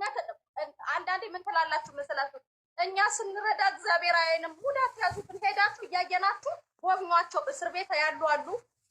እውነት አንዳንዴ ምን ትላላችሁ መሰላችሁ? እኛ ስንረዳ እግዚአብሔር አይንም ሁለት ያዙትን ሄዳችሁ እያየናችሁ ጎብኟቸው። እስር ቤት ያሉ አሉ፣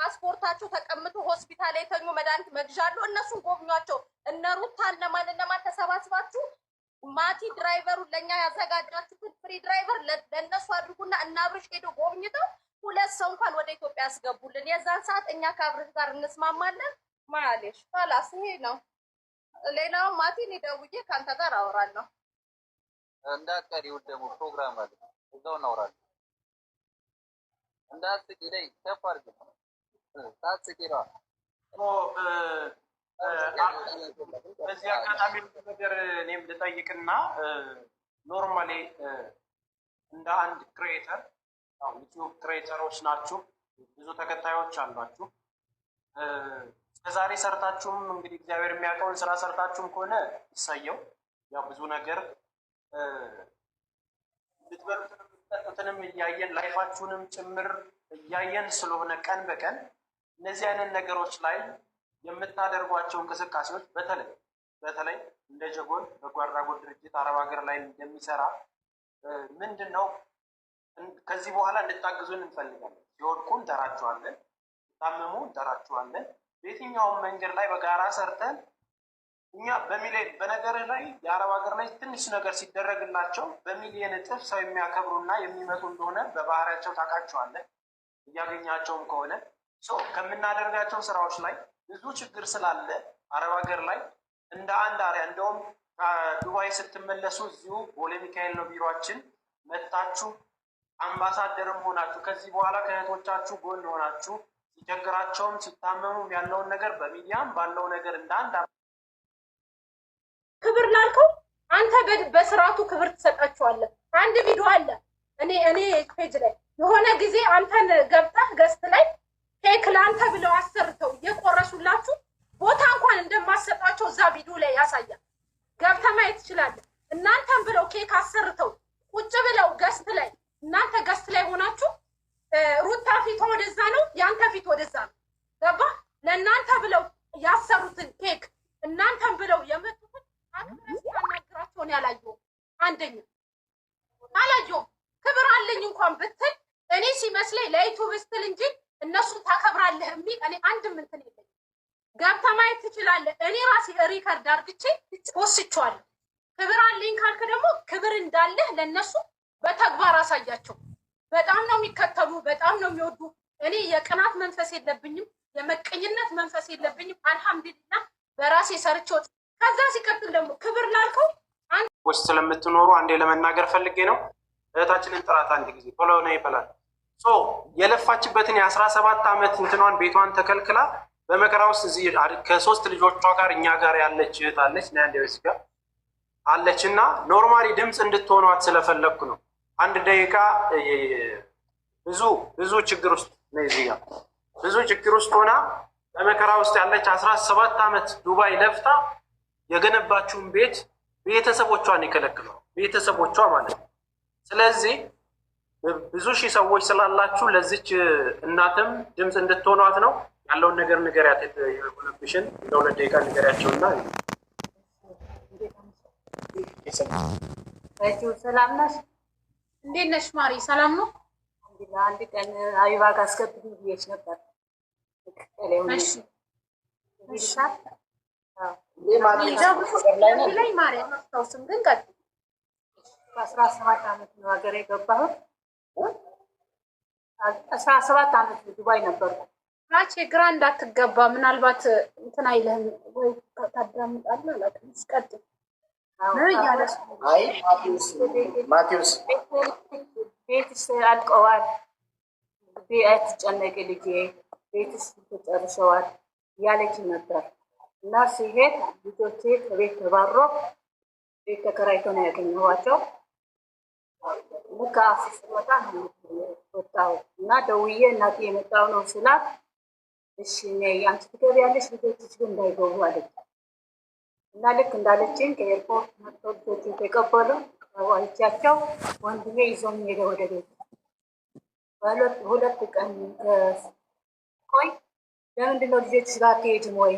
ፓስፖርታቸው ተቀምጦ ሆስፒታል የተኙ መድኃኒት መግዣ አሉ። እነሱን ጎብኟቸው። እነ ሩታን ለማን ለማን ተሰባስባችሁ ማቲ ድራይቨሩን ለእኛ ያዘጋጃችሁትን ፍሪ ድራይቨር ለእነሱ አድርጉና እና አብርሽ ሄዶ ጎብኝተው ሁለት ሰው እንኳን ወደ ኢትዮጵያ ያስገቡልን። የዛን ሰዓት እኛ ከአብርሽ ጋር እንስማማለን። ማለሽ ላስ ይሄ ነው። ሌላው ማቲ እኔ ደውዬ ከአንተ ጋር አወራለሁ። እንዳትቀሪ ደግሞ ፕሮግራም አለ፣ እዛው እናወራለን። እንዳትስቂ ላይ ከፍ አድርጊ። ሳትስቂ ነው በዚህ አጋጣሚ ነገር እኔም ልጠይቅና ኖርማሊ እንደ አንድ ክሬተር ዩቲዩብ ክሬተሮች ናችሁ፣ ብዙ ተከታዮች አሏችሁ እስከዛሬ ሰርታችሁም እንግዲህ እግዚአብሔር የሚያውቀውን ስራ ሰርታችሁም ከሆነ ይሳየው። ያው ብዙ ነገር ልትበሉትንም ልትጠጡትንም እያየን ላይፋችሁንም ጭምር እያየን ስለሆነ ቀን በቀን እነዚህ አይነት ነገሮች ላይ የምታደርጓቸው እንቅስቃሴዎች በተለይ በተለይ እንደ ጀጎል በጎ አድራጎት ድርጅት አረብ ሀገር ላይ እንደሚሰራ ምንድን ነው ከዚህ በኋላ እንድታግዙን እንፈልጋለን። ሲወድቁ እንጠራችኋለን፣ ሲታመሙ እንጠራችኋለን። በየትኛውም መንገድ ላይ በጋራ ሰርተን እኛ በሚሊዮን በነገር ላይ የአረብ ሀገር ላይ ትንሽ ነገር ሲደረግላቸው በሚሊዮን እጥፍ ሰው የሚያከብሩና የሚመጡ እንደሆነ በባህሪያቸው ታውቃቸዋለህ። እያገኛቸውም ከሆነ ከምናደርጋቸው ስራዎች ላይ ብዙ ችግር ስላለ አረብ ሀገር ላይ እንደ አንድ አሪያ እንደውም ከዱባይ ስትመለሱ እዚሁ ቦሌ ሚካኤል ነው ቢሮችን መታችሁ አምባሳደርም ሆናችሁ ከዚህ በኋላ ከእህቶቻችሁ ጎን ሆናችሁ ሲቸግራቸውም ሲታመሙም ያለውን ነገር በሚዲያም ባለው ነገር እንደ አንድ ክብር ላልከው አንተ በስርዓቱ ክብር ትሰጣቸዋለህ። አንድ ቪዲዮ አለ እኔ እኔ ፔጅ ላይ የሆነ ጊዜ አንተን ገብተህ ገስት ላይ ኬክ ለአንተ ብለው አሰርተው እየቆረሱላችሁ ቦታ እንኳን እንደማሰጣቸው እዛ ቪዲዮ ላይ ያሳያል። ገብተህ ማየት ትችላለህ። እናንተን ብለው ኬክ አሰርተው ቁጭ ብለው ገስት ላይ እናንተ ገስት ላይ ሆናችሁ ሩታ ፊቷ ወደዛ ነው፣ ያንተ ፊት ወደዛ ነው። ገባ ለእናንተ ብለው ያሰሩትን ኬክ እናንተን ብለው የመጡትን አክብረስ ያላየው አንደኛ አላየውም። ክብር አለኝ እንኳን ብትል እኔ ሲመስለኝ ለዩቱብ ስትል እንጂ እነሱን ታከብራለህ የሚል እኔ አንድም እንትን ማየት ትችላለህ። እኔ ራሴ ሪከርድ አድርግቼ ክብር አለኝ ካልክ ደግሞ ክብር እንዳለህ ለእነሱ በተግባር አሳያቸው። በጣም ነው የሚከተሉ፣ በጣም ነው የሚወዱ። እኔ የቅናት መንፈስ የለብኝም፣ የመቀኝነት መንፈስ የለብኝም። አልሐምዱሊላ በራሴ ሰርቼው። ከዛ ሲቀጥል ደግሞ ክብር ላልከው ውስጥ ስለምትኖሩ አንዴ ለመናገር ፈልጌ ነው። እህታችንን ጥራት አንድ ጊዜ ቶሎ ነው ይበላል። የለፋችበትን የአስራ ሰባት ዓመት እንትኗን ቤቷን ተከልክላ በመከራ ውስጥ እዚህ ከሶስት ልጆቿ ጋር እኛ ጋር ያለች እህት አለች፣ ና ያንዴ ጋር አለች እና ኖርማሊ ድምፅ እንድትሆኗት ስለፈለግኩ ነው። አንድ ደቂቃ ብዙ ብዙ ችግር ውስጥ ነው። እዚህ ብዙ ችግር ውስጥ ሆና በመከራ ውስጥ ያለች አስራ ሰባት ዓመት ዱባይ ለፍታ የገነባችውን ቤት ቤተሰቦቿን ይከለክሏል። ቤተሰቦቿ ማለት ነው። ስለዚህ ብዙ ሺህ ሰዎች ስላላችሁ ለዚች እናትም ድምፅ እንድትሆኗት ነው። ያለውን ነገር ንገሪያት። የሆነብሽን ለሁለት ደቂቃ ንገሪያቸውና ሰላም ነሽ? እንዴት ነሽ ማሪ? ሰላም ነው። አንድ ቀን አቢባ ጋር አስገብተኝ ብዬሽ ነበር። በአስራ ሰባት ዓመት ነው ሀገር የገባሁት። አስራ ሰባት ዓመት ዱባይ ነበርኩ። ግራ እንዳትገባ ምናልባት እንትን አይልህም ወይ ታዳምጣለህ? አላውቅም። አይ ማቴዎስ ቤትስ አልቀዋል፣ አትጨነቂ ልጄ ቤትስ ተጨርሰዋል ያለች ነበር እና ሲሄድ ልጆቼ ከቤት ተባሮ ቤት ተከራይቶ ነው ያገኘኋቸው። ልክ ስወጣ ወጣሁ እና ደውዬ እናቴ የመጣው ነው ስላት፣ እሺ አንቺ ትገቢያለሽ ልጆችሽ ግን እንዳይገቡ አለች። እና ልክ እንዳለችን ከኤርፖርት መጥቶ ልጆችን ተቀበሉ። አይቻቸው ወንድሜ ይዞም ሄደ ወደ ቤት። ሁለት ቀን ቆይ ለምንድን ነው ልጆች ጋር አትሄጂም ወይ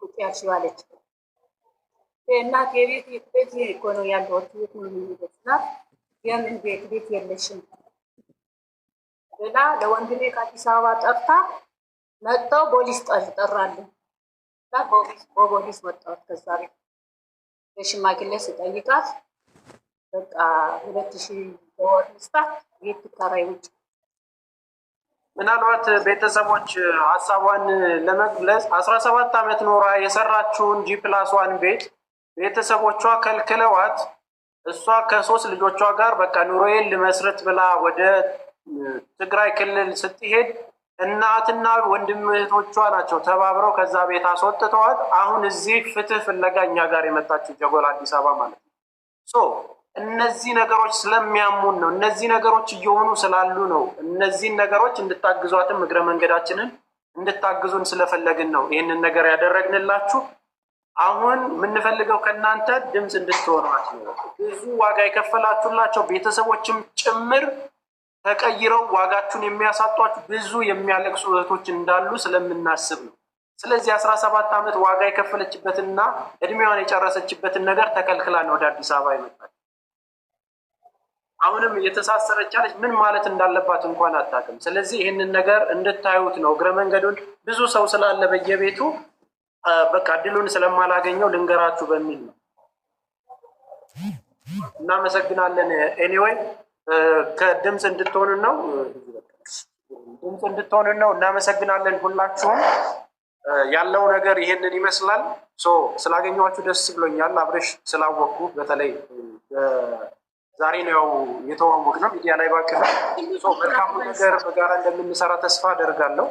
ቁጭ ያልሽው አለች። እናት የቤት ቤት እኮ ነው ያለሁት ቤት ነው የሚሄደው ናት። የምን ቤት ቤት የለሽም ብላ ለወንድሜ ከአዲስ አበባ ጠርታ መጥተው ፖሊስ ጠራለን። በፖሊስ ወጣሁት ከዛ ቤት ስጠይቃት በቃ ሁለት ሺህ በወር ስታት ቤት ትከራይ ውጭ ምናልባት ቤተሰቦች ሀሳቧን ለመግለጽ አስራ ሰባት ዓመት ኖራ የሰራችውን ጂ ፕላስዋን ቤት ቤተሰቦቿ ከልክለዋት እሷ ከሶስት ልጆቿ ጋር በቃ ኑሮዬን ልመስረት ብላ ወደ ትግራይ ክልል ስትሄድ እናትና ወንድም እህቶቿ ናቸው ተባብረው ከዛ ቤት አስወጥተዋት። አሁን እዚህ ፍትህ ፍለጋ እኛ ጋር የመጣችው ጀጎል አዲስ አበባ ማለት ነው። ሶ እነዚህ ነገሮች ስለሚያሙን ነው፣ እነዚህ ነገሮች እየሆኑ ስላሉ ነው። እነዚህን ነገሮች እንድታግዟትም እግረ መንገዳችንን እንድታግዙን ስለፈለግን ነው ይህንን ነገር ያደረግንላችሁ። አሁን የምንፈልገው ከእናንተ ድምፅ እንድትሆኗት ነው። ብዙ ዋጋ የከፈላችሁላቸው ቤተሰቦችም ጭምር ተቀይረው ዋጋችሁን የሚያሳጧችሁ ብዙ የሚያለቅሱ እህቶች እንዳሉ ስለምናስብ ነው። ስለዚህ አስራ ሰባት ዓመት ዋጋ የከፈለችበትና እድሜዋን የጨረሰችበትን ነገር ተከልክላ ነው ወደ አዲስ አበባ ይመጣል። አሁንም የተሳሰረች ያለች ምን ማለት እንዳለባት እንኳን አታውቅም። ስለዚህ ይህንን ነገር እንድታዩት ነው። እግረ መንገዱን ብዙ ሰው ስላለ በየቤቱ በቃ እድሉን ስለማላገኘው ልንገራችሁ በሚል ነው። እናመሰግናለን። ኤኒዌይ ከድምፅ እንድትሆንን ነው ድምፅ እንድትሆንን ነው። እናመሰግናለን ሁላችሁም። ያለው ነገር ይሄንን ይመስላል። ስላገኘኋችሁ ደስ ብሎኛል። አብረሽ ስላወቅኩ በተለይ ዛሬ ነው ያው የተዋወቅ ነው ሚዲያ ላይ ባክ ነው። መልካም ነገር በጋራ እንደምንሰራ ተስፋ አደርጋለሁ።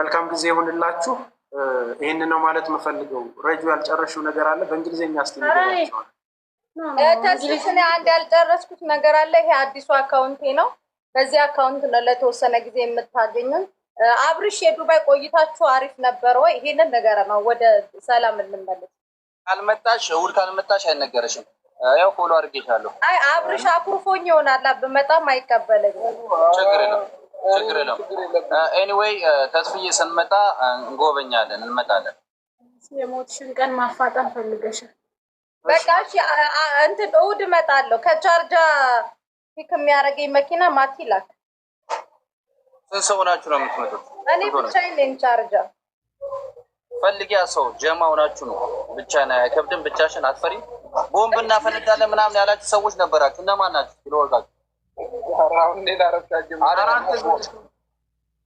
መልካም ጊዜ ይሁንላችሁ። ይህን ነው ማለት የምፈልገው። ረጁ ያልጨረሽው ነገር አለ በእንግሊዝኛ ስ ተስልስን አንድ ያልጨረስኩት ነገር አለ። ይሄ አዲሱ አካውንቴ ነው። በዚህ አካውንት ነው ለተወሰነ ጊዜ የምታገኙን። አብርሽ የዱባይ ቆይታችሁ አሪፍ ነበር ወይ? ይሄንን ነገር ነው ወደ ሰላም እንመለስ። ካልመጣሽ እሑድ ካልመጣሽ አይነገረሽም። ያው ፎሎ አድርጌሻለሁ። አይ አብርሽ አኩርፎኝ ይሆናል ብመጣም አይቀበለኝም። ችግር ነው ችግር ነው። ኤኒዌይ ተስፍዬ ስንመጣ እንጎበኛለን፣ እንመጣለን። የሞትሽን ቀን ማፋጠን ፈልገሻል በቃ እንትን እሑድ እመጣለሁ። ከቻርጃ ፒክ የሚያደርገኝ መኪና ማቲ ላክ። ስንት ሰው ናችሁ ነው የምትመጡት? እኔ ብቻዬን ነኝ። ቻርጃ ፈልጊያ ሰው ጀማ ሆናችሁ ነው ብቻ ነው አይከብድም። ብቻሽን አትፈሪ? ቦምብ እናፈነዳለን ምናምን ያላችሁ ሰዎች ነበራችሁ። እነማን ናችሁ? ይለወርቃችሁ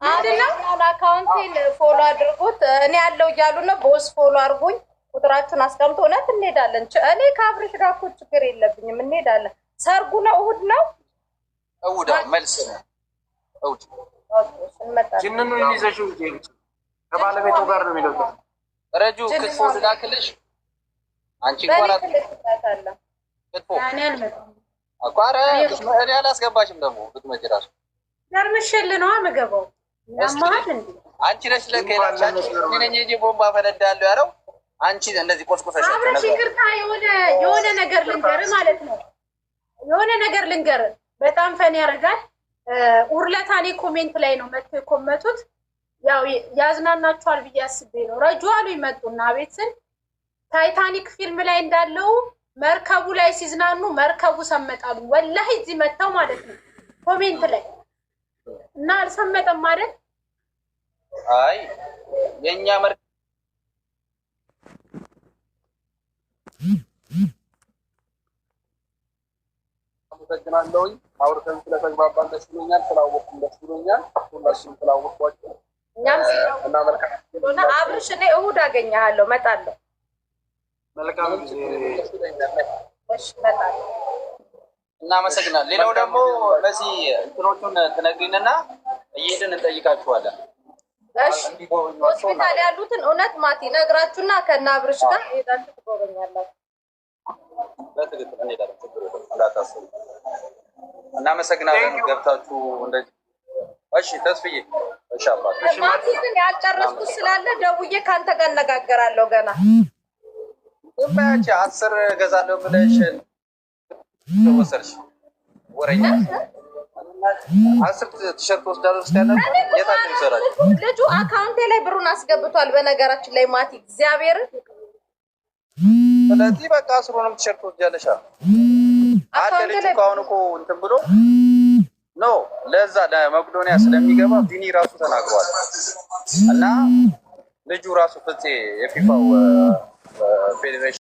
አድነው አካውንቴን ፎሎ አድርጉት። እኔ ያለው እያሉ ነው። ቦስ ፎሎ አድርጉኝ ቁጥራችን አስቀምጦ እውነት እንሄዳለን። እኔ ከአብርሽ ጋር እኮ ችግር የለብኝም፣ እንሄዳለን። ሰርጉ ነው እሁድ ነው እሑድ መልስ ነው ከባለቤቱ ጋር ነው የሚለው ረጁ ክትፎ ልላክልሽ። አንቺ እኔ አላስገባሽም ደግሞ ብትመጪ እራሱ የምገባው አንቺ ነሽ ቦምባ ፈነዳለሁ ያለው አንቺ እንደዚህ ቆስቆሰሽ አብረሽ ይቅርታ፣ የሆነ የሆነ ነገር ልንገር ማለት ነው። የሆነ ነገር ልንገር በጣም ፈን ያደርጋል። ኡርለታኔ ኮሜንት ላይ ነው መጥቶ የኮመቱት። ያው ያዝናናችኋል ብዬ አስቤ ነው። ረጁ አሉ ይመጡና ቤትን ታይታኒክ ፊልም ላይ እንዳለው መርከቡ ላይ ሲዝናኑ መርከቡ ሰመጣሉ። ወላሂ እዚህ መጥተው ማለት ነው ኮሜንት ላይ እና አልሰመጠም ማለት አይ የእኛ መርከብ አመሰግናለሁኝ። አውርተን ስለተግባባን ደስ ብሎኛል። ስላወቅኩም ደስ ብሎኛል። ሁላችሁም ስላወቅኳቸው እና መልካም አብርሽ እኔ እሁድ አገኘሃለሁ፣ እመጣለሁ። መልካም እናመሰግናለን። ሌላው ደግሞ እነዚህ እንትኖቹን ትነግሪንና እየሄድን እንጠይቃችኋለን። ሆስፒታል ያሉትን እውነት ማቲ ነግራችሁና ከነ አብርሽ ጋር ሄዳችሁ ትጎበኛላችሁ። በትክክል እንሄዳለን። ችግር እንዳታስቡ። እናመሰግናለን። ገብታችሁ እንደዚህ እሺ። ተስፍዬ እሺ፣ አባት ያልጨረስኩት ስላለ ደውዬ ከአንተ ጋር እነጋገራለሁ። ገና ባያች አስር እገዛለሁ ብለሽ ወሰድሽ ወረኛ አስር ቲሸርት ወስዳለሁ ስያለ ልጁ አካውንቴ ላይ ብሩን አስገብቷል። በነገራችን ላይ ማቲ እግዚአብሔርን ስለዚህ በቃ ስሩንም ትሸርቶ እያለሻ አንድ ልጅ ከአሁን እኮ እንትን ብሎ ኖ ለዛ ለመቄዶንያ ስለሚገባ ቢኒ ራሱ ተናግሯል። እና ልጁ ራሱ ፍፄ የፊፋው ፌዴሬሽን